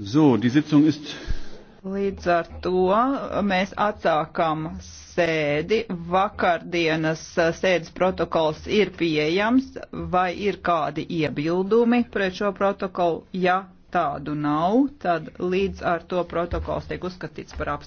So, die Sitzung ist. Līdz ar to mēs atsākam sēdi. Vakardienas sēdes protokols ir pieejams. Vai ir kādi iebildumi pret šo protokolu? Ja tādu nav, tad līdz ar to protokols tiek uzskatīts par apstiprinātu.